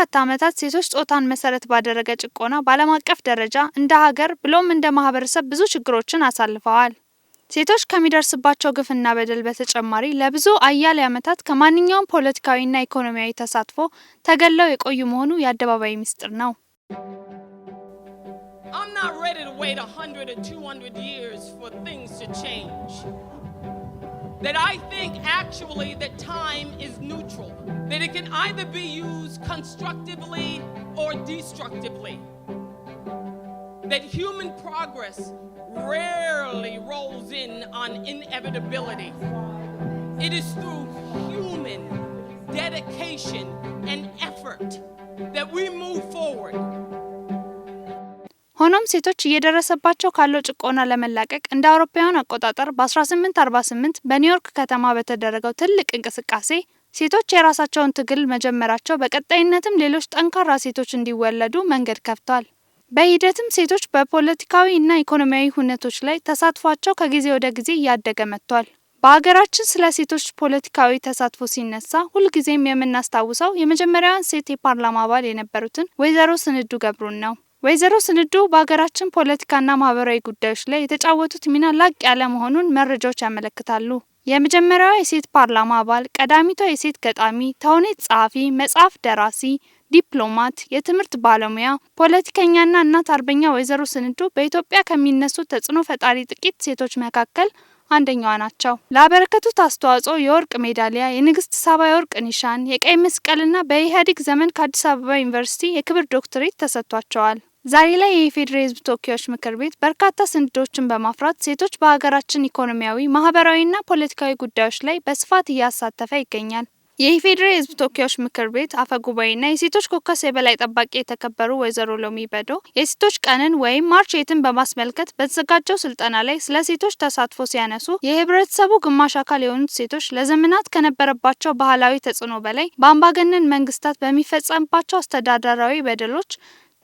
በርካታ ዓመታት ሴቶች ጾታን መሰረት ባደረገ ጭቆና በዓለም አቀፍ ደረጃ እንደ ሀገር ብሎም እንደ ማህበረሰብ ብዙ ችግሮችን አሳልፈዋል። ሴቶች ከሚደርስባቸው ግፍና በደል በተጨማሪ ለብዙ አያሌ ዓመታት ከማንኛውም ፖለቲካዊና ኢኮኖሚያዊ ተሳትፎ ተገለው የቆዩ መሆኑ የአደባባይ ምስጢር ነው። I'm not ready to wait 100 or 200 years for things to change. that I think actually that time is neutral, that it can either be used constructively or destructively, that human progress rarely rolls in on inevitability. It is through human dedication and effort that we move forward ሆኖም ሴቶች እየደረሰባቸው ካለው ጭቆና ለመላቀቅ እንደ አውሮፓውያን አቆጣጠር በ1848 በኒውዮርክ ከተማ በተደረገው ትልቅ እንቅስቃሴ ሴቶች የራሳቸውን ትግል መጀመራቸው በቀጣይነትም ሌሎች ጠንካራ ሴቶች እንዲወለዱ መንገድ ከፍቷል። በሂደትም ሴቶች በፖለቲካዊ እና ኢኮኖሚያዊ ሁነቶች ላይ ተሳትፏቸው ከጊዜ ወደ ጊዜ እያደገ መጥቷል። በሀገራችን ስለ ሴቶች ፖለቲካዊ ተሳትፎ ሲነሳ ሁልጊዜም የምናስታውሰው የመጀመሪያዋን ሴት የፓርላማ አባል የነበሩትን ወይዘሮ ስንዱ ገብሩን ነው። ወይዘሮ ስንዱ በሀገራችን ፖለቲካና ማህበራዊ ጉዳዮች ላይ የተጫወቱት ሚና ላቅ ያለ መሆኑን መረጃዎች ያመለክታሉ። የመጀመሪያዋ የሴት ፓርላማ አባል፣ ቀዳሚቷ የሴት ገጣሚ፣ ተውኔት ጸሐፊ፣ መጽሐፍ ደራሲ፣ ዲፕሎማት፣ የትምህርት ባለሙያ፣ ፖለቲከኛና እናት አርበኛ ወይዘሮ ስንዱ በኢትዮጵያ ከሚነሱ ተጽዕኖ ፈጣሪ ጥቂት ሴቶች መካከል አንደኛዋ ናቸው። ላበረከቱት አስተዋጽኦ የወርቅ ሜዳሊያ፣ የንግስት ሳባ የወርቅ ኒሻን፣ የቀይ መስቀልና በኢህአዴግ ዘመን ከአዲስ አበባ ዩኒቨርሲቲ የክብር ዶክትሬት ተሰጥቷቸዋል። ዛሬ ላይ የኢፌዴሪ ሕዝብ ተወካዮች ምክር ቤት በርካታ ሰነዶችን በማፍራት ሴቶች በሀገራችን ኢኮኖሚያዊ፣ ማህበራዊና ፖለቲካዊ ጉዳዮች ላይ በስፋት እያሳተፈ ይገኛል። የኢፌዴሪ ሕዝብ ተወካዮች ምክር ቤት አፈ ጉባኤና የሴቶች ኮከስ የበላይ ጠባቂ የተከበሩ ወይዘሮ ሎሚ በዶ የሴቶች ቀንን ወይም ማርች ኤትን በማስመልከት በተዘጋጀው ስልጠና ላይ ስለ ሴቶች ተሳትፎ ሲያነሱ የህብረተሰቡ ግማሽ አካል የሆኑት ሴቶች ለዘመናት ከነበረባቸው ባህላዊ ተጽዕኖ በላይ በአምባገነን መንግስታት በሚፈጸምባቸው አስተዳደራዊ በደሎች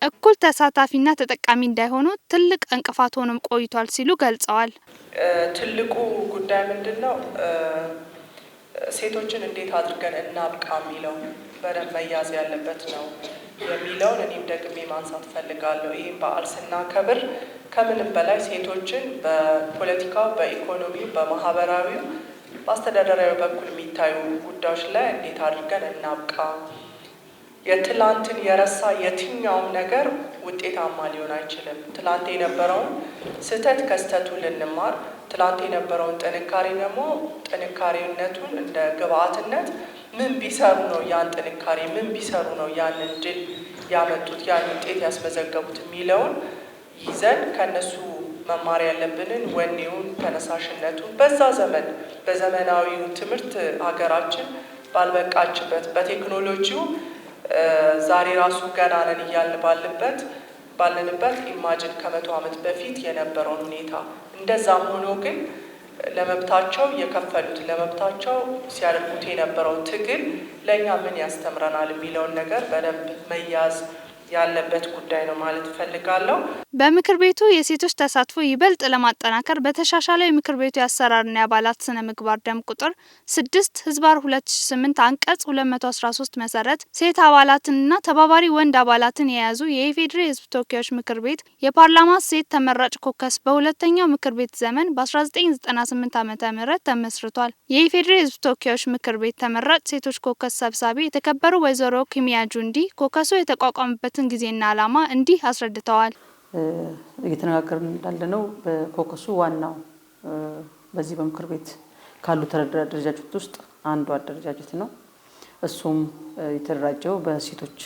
እኩል ተሳታፊና ተጠቃሚ እንዳይሆኑ ትልቅ እንቅፋት ሆኖም ቆይቷል ሲሉ ገልጸዋል። ትልቁ ጉዳይ ምንድን ነው? ሴቶችን እንዴት አድርገን እናብቃ የሚለው በደንብ መያዝ ያለበት ነው የሚለውን እኔም ደግሜ ማንሳት ፈልጋለሁ። ይህም በዓል ስናከብር ከምንም በላይ ሴቶችን በፖለቲካው፣ በኢኮኖሚው፣ በማህበራዊው፣ በአስተዳደራዊ በኩል የሚታዩ ጉዳዮች ላይ እንዴት አድርገን እናብቃ የትላንትን የረሳ የትኛውም ነገር ውጤታማ ሊሆን አይችልም። ትላንት የነበረውን ስህተት ከስተቱ ልንማር፣ ትላንት የነበረውን ጥንካሬ ደግሞ ጥንካሬነቱን እንደ ግብአትነት ምን ቢሰሩ ነው ያን ጥንካሬ ምን ቢሰሩ ነው ያንን ድል ያመጡት ያን ውጤት ያስመዘገቡት የሚለውን ይዘን ከነሱ መማር ያለብንን ወኔውን፣ ተነሳሽነቱን በዛ ዘመን በዘመናዊው ትምህርት ሀገራችን ባልበቃችበት በቴክኖሎጂው ዛሬ ራሱ ገና ነን እያልን ባልንበት ባለንበት ኢማጅን ከመቶ ዓመት በፊት የነበረውን ሁኔታ እንደዛም ሆኖ ግን ለመብታቸው የከፈሉት ለመብታቸው ሲያደርጉት የነበረው ትግል ለእኛ ምን ያስተምረናል የሚለውን ነገር በደንብ መያዝ ያለበት ጉዳይ ነው ማለት እፈልጋለሁ። በምክር ቤቱ የሴቶች ተሳትፎ ይበልጥ ለማጠናከር በተሻሻለው የምክር ቤቱ የአሰራርና የአባላት ስነ ምግባር ደንብ ቁጥር ስድስት ህዝባር ሁለት ሺ ስምንት አንቀጽ ሁለት መቶ አስራ ሶስት መሰረት ሴት አባላትንና ተባባሪ ወንድ አባላትን የያዙ የኢፌዴሪ ህዝብ ተወካዮች ምክር ቤት የፓርላማ ሴት ተመራጭ ኮከስ በሁለተኛው ምክር ቤት ዘመን በ ዘጠኝ ዘጠና ስምንት ምህረት ተመስርቷል። የኢፌዴሪ ህዝብ ተወካዮች ምክር ቤት ተመራጭ ሴቶች ኮከስ ሰብሳቢ የተከበሩ ወይዘሮ ኪሚያ ጁንዲ ኮከሱ የተቋቋመበት ያለበትን ጊዜና ዓላማ እንዲህ አስረድተዋል። እየተነጋገርን እንዳለ ነው። በኮከሱ ዋናው በዚህ በምክር ቤት ካሉ አደረጃጀት ውስጥ አንዱ አደረጃጀት ነው። እሱም የተደራጀው በሴቶች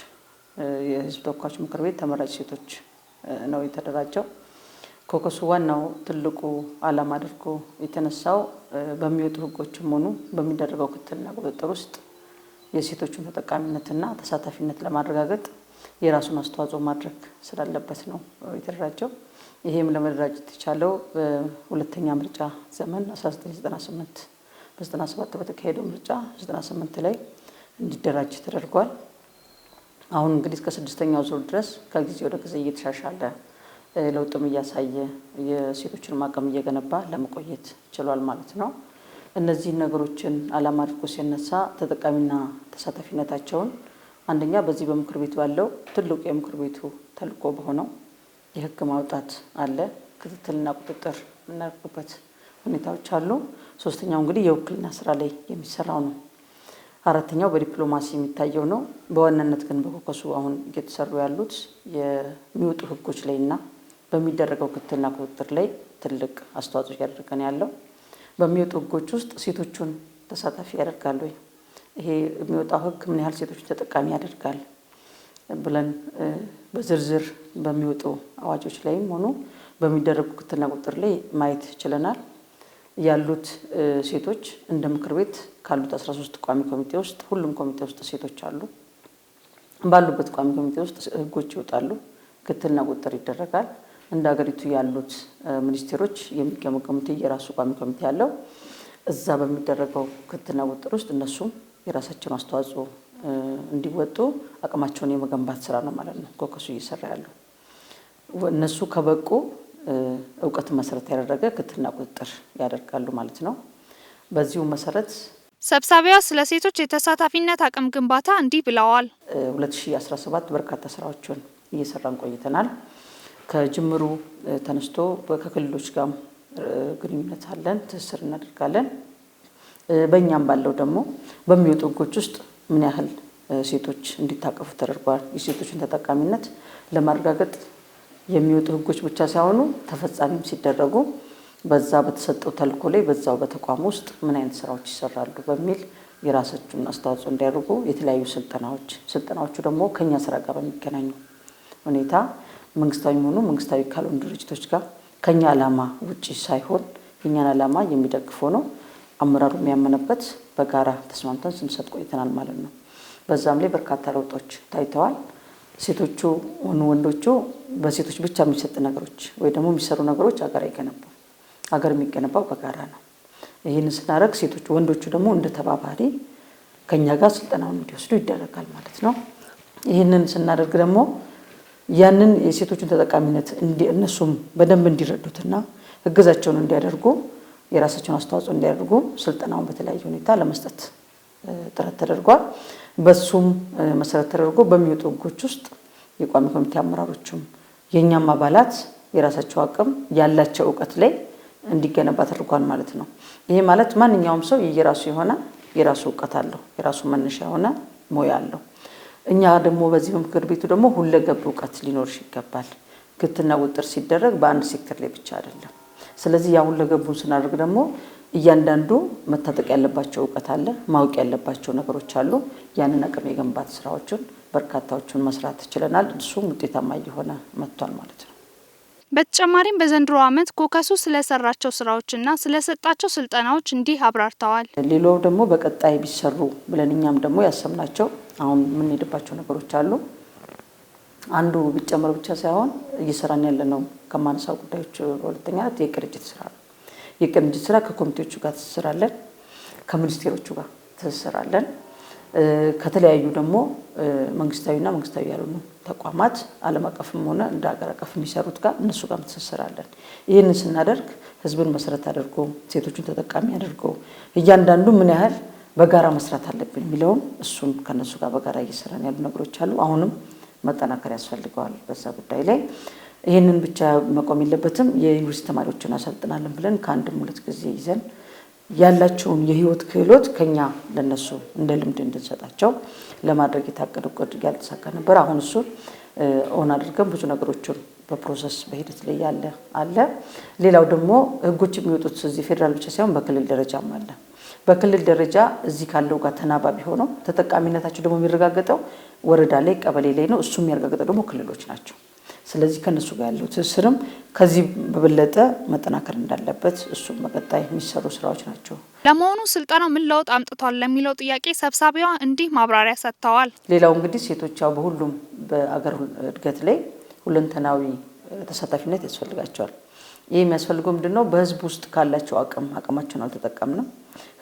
የህዝብ ተወካዮች ምክር ቤት ተመራጭ ሴቶች ነው የተደራጀው። ኮከሱ ዋናው ትልቁ ዓላማ አድርጎ የተነሳው በሚወጡ ህጎችም ሆኑ በሚደረገው ክትትልና ቁጥጥር ውስጥ የሴቶችን ተጠቃሚነትና ተሳታፊነት ለማረጋገጥ የራሱን አስተዋጽኦ ማድረግ ስላለበት ነው የተደራጀው። ይሄም ለመደራጀት የቻለው በሁለተኛ ምርጫ ዘመን 1998 በ97 በተካሄደው ምርጫ 98 ላይ እንዲደራጅ ተደርጓል። አሁን እንግዲህ እስከ ስድስተኛው ዙር ድረስ ከጊዜ ወደ ጊዜ እየተሻሻለ ለውጥም እያሳየ የሴቶችን ማቀም እየገነባ ለመቆየት ችሏል ማለት ነው። እነዚህን ነገሮችን አላማ አድርጎ ሲነሳ ተጠቃሚና ተሳታፊነታቸውን አንደኛ በዚህ በምክር ቤት ባለው ትልቁ የምክር ቤቱ ተልእኮ በሆነው የህግ ማውጣት አለ። ክትትልና ቁጥጥር የምናደርግበት ሁኔታዎች አሉ። ሶስተኛው እንግዲህ የውክልና ስራ ላይ የሚሰራው ነው። አራተኛው በዲፕሎማሲ የሚታየው ነው። በዋናነት ግን በኮከሱ አሁን እየተሰሩ ያሉት የሚወጡ ህጎች ላይ እና በሚደረገው ክትትልና ቁጥጥር ላይ ትልቅ አስተዋጽኦ እያደረገን ያለው በሚወጡ ህጎች ውስጥ ሴቶቹን ተሳታፊ ያደርጋሉ ወይ ይሄ የሚወጣው ህግ ምን ያህል ሴቶችን ተጠቃሚ ያደርጋል ብለን በዝርዝር በሚወጡ አዋጆች ላይም ሆኖ በሚደረጉ ክትትልና ቁጥጥር ላይ ማየት ችለናል። ያሉት ሴቶች እንደ ምክር ቤት ካሉት 13 ቋሚ ኮሚቴ ውስጥ ሁሉም ኮሚቴ ውስጥ ሴቶች አሉ። ባሉበት ቋሚ ኮሚቴ ውስጥ ህጎች ይወጣሉ፣ ክትትልና ቁጥጥር ይደረጋል። እንደ ሀገሪቱ ያሉት ሚኒስቴሮች የሚገመገሙት የራሱ ቋሚ ኮሚቴ ያለው እዛ በሚደረገው ክትትልና ቁጥጥር ውስጥ እነሱም የራሳቸውን አስተዋጽኦ እንዲወጡ አቅማቸውን የመገንባት ስራ ነው ማለት ነው ኮከሱ እየሰራ ያሉ እነሱ ከበቁ እውቀት መሰረት ያደረገ ክትትልና ቁጥጥር ያደርጋሉ ማለት ነው። በዚሁ መሰረት ሰብሳቢዋ ስለ ሴቶች የተሳታፊነት አቅም ግንባታ እንዲህ ብለዋል። 2017 በርካታ ስራዎችን እየሰራን ቆይተናል። ከጅምሩ ተነስቶ ከክልሎች ጋር ግንኙነት አለን፣ ትስስር እናደርጋለን። በእኛም ባለው ደግሞ በሚወጡ ህጎች ውስጥ ምን ያህል ሴቶች እንዲታቀፉ ተደርጓል። የሴቶችን ተጠቃሚነት ለማረጋገጥ የሚወጡ ህጎች ብቻ ሳይሆኑ ተፈጻሚም ሲደረጉ በዛ በተሰጠው ተልእኮ ላይ በዛው በተቋም ውስጥ ምን አይነት ስራዎች ይሰራሉ በሚል የራሳቸውን አስተዋጽኦ እንዲያደርጉ የተለያዩ ስልጠናዎች ስልጠናዎቹ ደግሞ ከኛ ስራ ጋር በሚገናኙ ሁኔታ መንግስታዊ ሆኑ መንግስታዊ ካልሆኑ ድርጅቶች ጋር ከኛ ዓላማ ውጭ ሳይሆን የኛን ዓላማ የሚደግፍ ነው። አመራሩ የሚያመነበት በጋራ ተስማምተን ስንሰጥ ቆይተናል ማለት ነው። በዛም ላይ በርካታ ለውጦች ታይተዋል። ሴቶቹ ወንዶቹ በሴቶች ብቻ የሚሰጥ ነገሮች ወይ ደግሞ የሚሰሩ ነገሮች አገር አይገነባም። አገር የሚገነባው በጋራ ነው። ይህን ስናደርግ ሴቶቹ ወንዶቹ ደግሞ እንደ ተባባሪ ከኛ ጋር ስልጠናውን እንዲወስዱ ይደረጋል ማለት ነው። ይህንን ስናደርግ ደግሞ ያንን የሴቶቹን ተጠቃሚነት እነሱም በደንብ እንዲረዱትና እገዛቸውን እንዲያደርጉ የራሳቸውን አስተዋጽኦ እንዲያደርጉ ስልጠናውን በተለያየ ሁኔታ ለመስጠት ጥረት ተደርጓል። በሱም መሰረት ተደርጎ በሚወጡ ህጎች ውስጥ የቋሚ ኮሚቴ አመራሮችም የእኛም አባላት የራሳቸው አቅም ያላቸው እውቀት ላይ እንዲገነባ ተደርጓል ማለት ነው። ይሄ ማለት ማንኛውም ሰው የራሱ የሆነ የራሱ እውቀት አለው፣ የራሱ መነሻ የሆነ ሙያ አለው። እኛ ደግሞ በዚህ በምክር ቤቱ ደግሞ ሁለገብ እውቀት ሊኖርሽ ይገባል። ግትና ውጥር ሲደረግ በአንድ ሴክተር ላይ ብቻ አይደለም። ስለዚህ ያሁን ለገቡን ስናደርግ ደግሞ እያንዳንዱ መታጠቅ ያለባቸው እውቀት አለ፣ ማወቅ ያለባቸው ነገሮች አሉ። ያንን አቅም የገንባት ስራዎችን በርካታዎቹን መስራት ችለናል። እሱም ውጤታማ እየሆነ መጥቷል ማለት ነው። በተጨማሪም በዘንድሮ ዓመት ኮከሱ ስለሰራቸው ስራዎችና ስለሰጣቸው ስልጠናዎች እንዲህ አብራርተዋል። ሌላው ደግሞ በቀጣይ ቢሰሩ ብለን እኛም ደግሞ ያሰብናቸው አሁን የምንሄድባቸው ነገሮች አሉ። አንዱ ቢጨምር ብቻ ሳይሆን እየሰራን ያለ ነው ከማነሳው ጉዳዮች በሁለተኛ የቅርጅት ስራ ነው። ስራ ከኮሚቴዎቹ ጋር ትስስራለን፣ ከሚኒስቴሮቹ ጋር ትስስራለን፣ ከተለያዩ ደግሞ መንግስታዊና መንግስታዊ ያልሆኑ ተቋማት ዓለም አቀፍም ሆነ እንደ ሀገር አቀፍ የሚሰሩት ጋር እነሱ ጋር ትስስራለን። ይህንን ስናደርግ ህዝብን መሰረት አድርጎ ሴቶችን ተጠቃሚ አድርጎ እያንዳንዱ ምን ያህል በጋራ መስራት አለብን የሚለውም እሱም ከነሱ ጋር በጋራ እየሰራን ያሉ ነገሮች አሉ አሁንም መጠናከር ያስፈልገዋል። በዛ ጉዳይ ላይ ይህንን ብቻ መቆም የለበትም። የዩኒቨርሲቲ ተማሪዎችን አሰልጥናለን ብለን ከአንድም ሁለት ጊዜ ይዘን ያላቸውን የህይወት ክህሎት ከኛ ለነሱ እንደ ልምድ እንድንሰጣቸው ለማድረግ የታቀደ ቅድ ያልተሳካ ነበር። አሁን እሱ ሆን አድርገን ብዙ ነገሮችን በፕሮሰስ በሂደት ላይ ያለ አለ። ሌላው ደግሞ ህጎች የሚወጡት እዚህ ፌዴራል ብቻ ሳይሆን በክልል ደረጃም አለ። በክልል ደረጃ እዚህ ካለው ጋር ተናባቢ ሆኖ ተጠቃሚነታቸው ደግሞ የሚረጋገጠው ወረዳ ላይ ቀበሌ ላይ ነው። እሱ የሚያረጋግጠው ደግሞ ክልሎች ናቸው። ስለዚህ ከነሱ ጋር ያለው ትስስርም ከዚህ በበለጠ መጠናከር እንዳለበት እሱ በቀጣይ የሚሰሩ ስራዎች ናቸው። ለመሆኑ ስልጠና ምን ለውጥ አምጥቷል ለሚለው ጥያቄ ሰብሳቢዋ እንዲህ ማብራሪያ ሰጥተዋል። ሌላው እንግዲህ ሴቶች ያው በሁሉም በአገር እድገት ላይ ሁለንተናዊ ተሳታፊነት ያስፈልጋቸዋል። ይህ የሚያስፈልገው ምንድነው በህዝብ ውስጥ ካላቸው አቅም አቅማቸውን አልተጠቀምንም።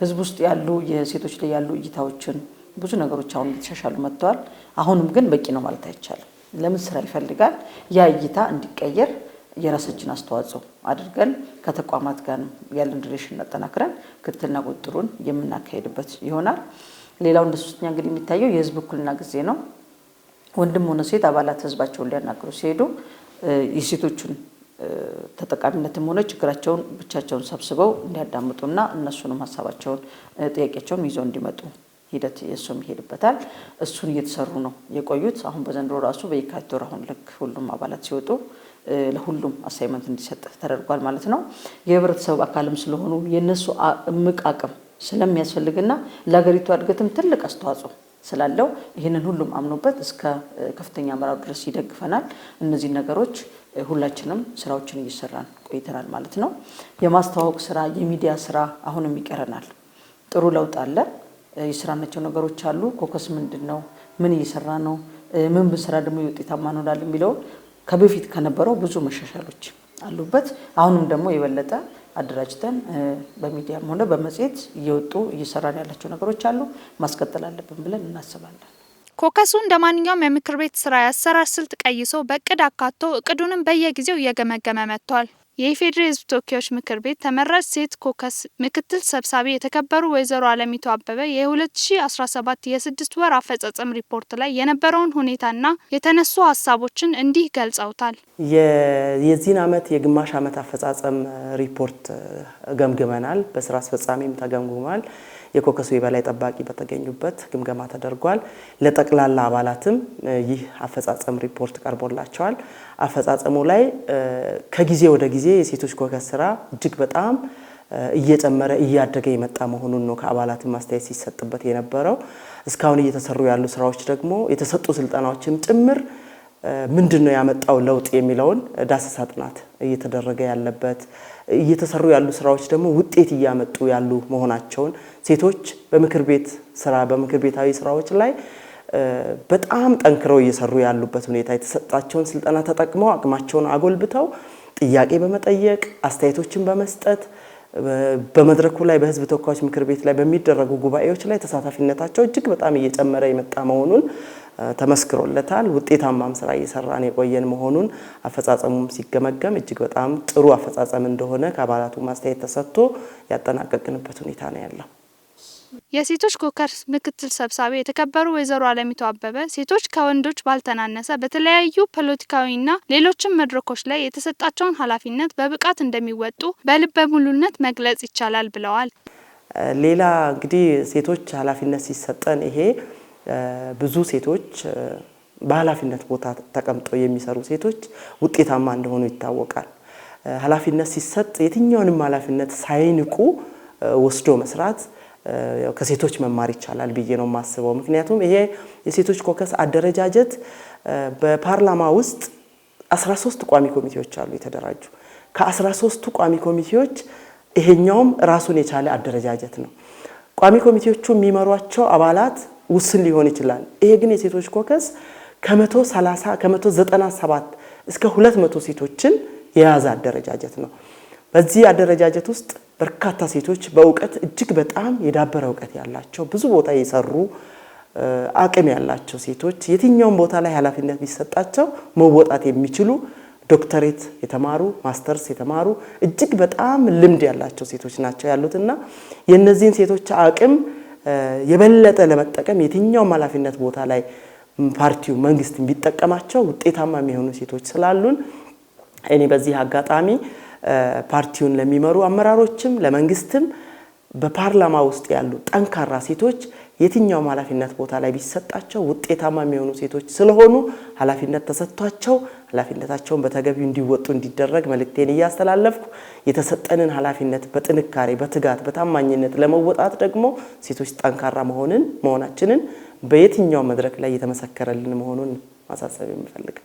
ህዝብ ውስጥ ያሉ የሴቶች ላይ ያሉ እይታዎችን ብዙ ነገሮች አሁን እየተሻሻሉ መጥተዋል። አሁንም ግን በቂ ነው ማለት አይቻልም። ለምን ስራ ይፈልጋል። ያ እይታ እንዲቀየር የራሳችን አስተዋጽኦ አድርገን ከተቋማት ጋር ያለን ሪሌሽን አጠናክረን ክትትልና ቁጥሩን የምናካሄድበት ይሆናል። ሌላው እንደ ሶስተኛ እንግዲህ የሚታየው የህዝብ እኩልና ጊዜ ነው። ወንድም ሆነ ሴት አባላት ህዝባቸውን ሊያናግሩ ሲሄዱ የሴቶቹን ተጠቃሚነትም ሆነ ችግራቸውን ብቻቸውን ሰብስበው እንዲያዳምጡና እነሱንም ሀሳባቸውን ጥያቄቸውን ይዘው እንዲመጡ ሂደት የእሱም ይሄድበታል። እሱን እየተሰሩ ነው የቆዩት። አሁን በዘንድሮ ራሱ በየካቲት ወር አሁን ልክ ሁሉም አባላት ሲወጡ ለሁሉም አሳይመንት እንዲሰጥ ተደርጓል ማለት ነው። የህብረተሰብ አካልም ስለሆኑ የእነሱ እምቅ አቅም ስለሚያስፈልግና ለሀገሪቱ እድገትም ትልቅ አስተዋጽኦ ስላለው ይህንን ሁሉም አምኖበት እስከ ከፍተኛ አመራር ድረስ ይደግፈናል እነዚህ ነገሮች ሁላችንም ስራዎችን እየሰራን ቆይተናል ማለት ነው። የማስተዋወቅ ስራ፣ የሚዲያ ስራ አሁንም ይቀረናል። ጥሩ ለውጥ አለ። የስራናቸው ነገሮች አሉ። ኮከስ ምንድን ነው? ምን እየሰራ ነው? ምን ብንሰራ ደግሞ ውጤታማ እንሆናለን የሚለውን ከበፊት ከነበረው ብዙ መሻሻሎች አሉበት። አሁንም ደግሞ የበለጠ አደራጅተን በሚዲያም ሆነ በመጽሔት እየወጡ እየሰራን ያላቸው ነገሮች አሉ። ማስቀጠል አለብን ብለን እናስባለን። ኮከሱ እንደ ማንኛውም የምክር ቤት ስራ የአሰራር ስልት ቀይሶ በእቅድ አካቶ እቅዱንም በየጊዜው እየገመገመ መጥቷል የኢፌዴሪ ሕዝብ ተወካዮች ምክር ቤት ተመራጭ ሴት ኮከስ ምክትል ሰብሳቢ የተከበሩ ወይዘሮ አለሚቱ አበበ የ2017 የስድስት ወር አፈጻጸም ሪፖርት ላይ የነበረውን ሁኔታና የተነሱ ሀሳቦችን እንዲህ ገልጸውታል። የዚህን ዓመት የግማሽ ዓመት አፈጻጸም ሪፖርት ገምግመናል። በስራ አስፈጻሚም ተገምግሟል። የኮከሱ የበላይ ጠባቂ በተገኙበት ግምገማ ተደርጓል። ለጠቅላላ አባላትም ይህ አፈጻጸም ሪፖርት ቀርቦላቸዋል። አፈጻጸሙ ላይ ከጊዜ ወደ ጊዜ የሴቶች ኮከስ ስራ እጅግ በጣም እየጨመረ እያደገ የመጣ መሆኑን ነው ከአባላት ማስተያየት ሲሰጥበት የነበረው። እስካሁን እየተሰሩ ያሉ ስራዎች ደግሞ የተሰጡ ስልጠናዎችም ጭምር ምንድን ነው ያመጣው ለውጥ የሚለውን ዳሰሳ ጥናት እየተደረገ ያለበት፣ እየተሰሩ ያሉ ስራዎች ደግሞ ውጤት እያመጡ ያሉ መሆናቸውን ሴቶች በምክር ቤት ስራ በምክር ቤታዊ ስራዎች ላይ በጣም ጠንክረው እየሰሩ ያሉበት ሁኔታ የተሰጣቸውን ስልጠና ተጠቅመው አቅማቸውን አጎልብተው ጥያቄ በመጠየቅ አስተያየቶችን በመስጠት በመድረኩ ላይ በህዝብ ተወካዮች ምክር ቤት ላይ በሚደረጉ ጉባኤዎች ላይ ተሳታፊነታቸው እጅግ በጣም እየጨመረ የመጣ መሆኑን ተመስክሮለታል። ውጤታማም ስራ እየሰራን የቆየን መሆኑን አፈጻጸሙም ሲገመገም እጅግ በጣም ጥሩ አፈጻጸም እንደሆነ ከአባላቱ ማስተያየት ተሰጥቶ ያጠናቀቅንበት ሁኔታ ነው ያለው። የሴቶች ኮከር ምክትል ሰብሳቢ የተከበሩ ወይዘሮ አለሚቱ አበበ ሴቶች ከወንዶች ባልተናነሰ በተለያዩ ፖለቲካዊና ሌሎችም መድረኮች ላይ የተሰጣቸውን ኃላፊነት በብቃት እንደሚወጡ በልበ ሙሉነት መግለጽ ይቻላል ብለዋል። ሌላ እንግዲህ ሴቶች ኃላፊነት ሲሰጠን ይሄ ብዙ ሴቶች በኃላፊነት ቦታ ተቀምጠው የሚሰሩ ሴቶች ውጤታማ እንደሆኑ ይታወቃል። ኃላፊነት ሲሰጥ የትኛውንም ኃላፊነት ሳይንቁ ወስዶ መስራት ከሴቶች መማር ይቻላል ብዬ ነው የማስበው። ምክንያቱም ይሄ የሴቶች ኮከስ አደረጃጀት በፓርላማ ውስጥ 13 ቋሚ ኮሚቴዎች አሉ የተደራጁ። ከ13ቱ ቋሚ ኮሚቴዎች ይሄኛውም ራሱን የቻለ አደረጃጀት ነው። ቋሚ ኮሚቴዎቹ የሚመሯቸው አባላት ውስን ሊሆን ይችላል። ይሄ ግን የሴቶች ኮከስ ከ130 ከ197 እስከ 200 ሴቶችን የያዘ አደረጃጀት ነው። በዚህ አደረጃጀት ውስጥ በርካታ ሴቶች በእውቀት እጅግ በጣም የዳበረ እውቀት ያላቸው ብዙ ቦታ የሰሩ አቅም ያላቸው ሴቶች የትኛውም ቦታ ላይ ኃላፊነት ቢሰጣቸው መወጣት የሚችሉ ዶክተሬት የተማሩ ማስተርስ የተማሩ እጅግ በጣም ልምድ ያላቸው ሴቶች ናቸው ያሉትና የእነዚህን ሴቶች አቅም የበለጠ ለመጠቀም የትኛውም ኃላፊነት ቦታ ላይ ፓርቲው መንግስት ቢጠቀማቸው ውጤታማ የሚሆኑ ሴቶች ስላሉን እኔ በዚህ አጋጣሚ ፓርቲውን ለሚመሩ አመራሮችም ለመንግስትም በፓርላማ ውስጥ ያሉ ጠንካራ ሴቶች የትኛውም ኃላፊነት ቦታ ላይ ቢሰጣቸው ውጤታማ የሚሆኑ ሴቶች ስለሆኑ ኃላፊነት ተሰጥቷቸው ኃላፊነታቸውን በተገቢው እንዲወጡ እንዲደረግ መልእክቴን እያስተላለፍኩ የተሰጠንን ኃላፊነት በጥንካሬ፣ በትጋት፣ በታማኝነት ለመወጣት ደግሞ ሴቶች ጠንካራ መሆንን መሆናችንን በየትኛው መድረክ ላይ የተመሰከረልን መሆኑን ማሳሰብ የምፈልግ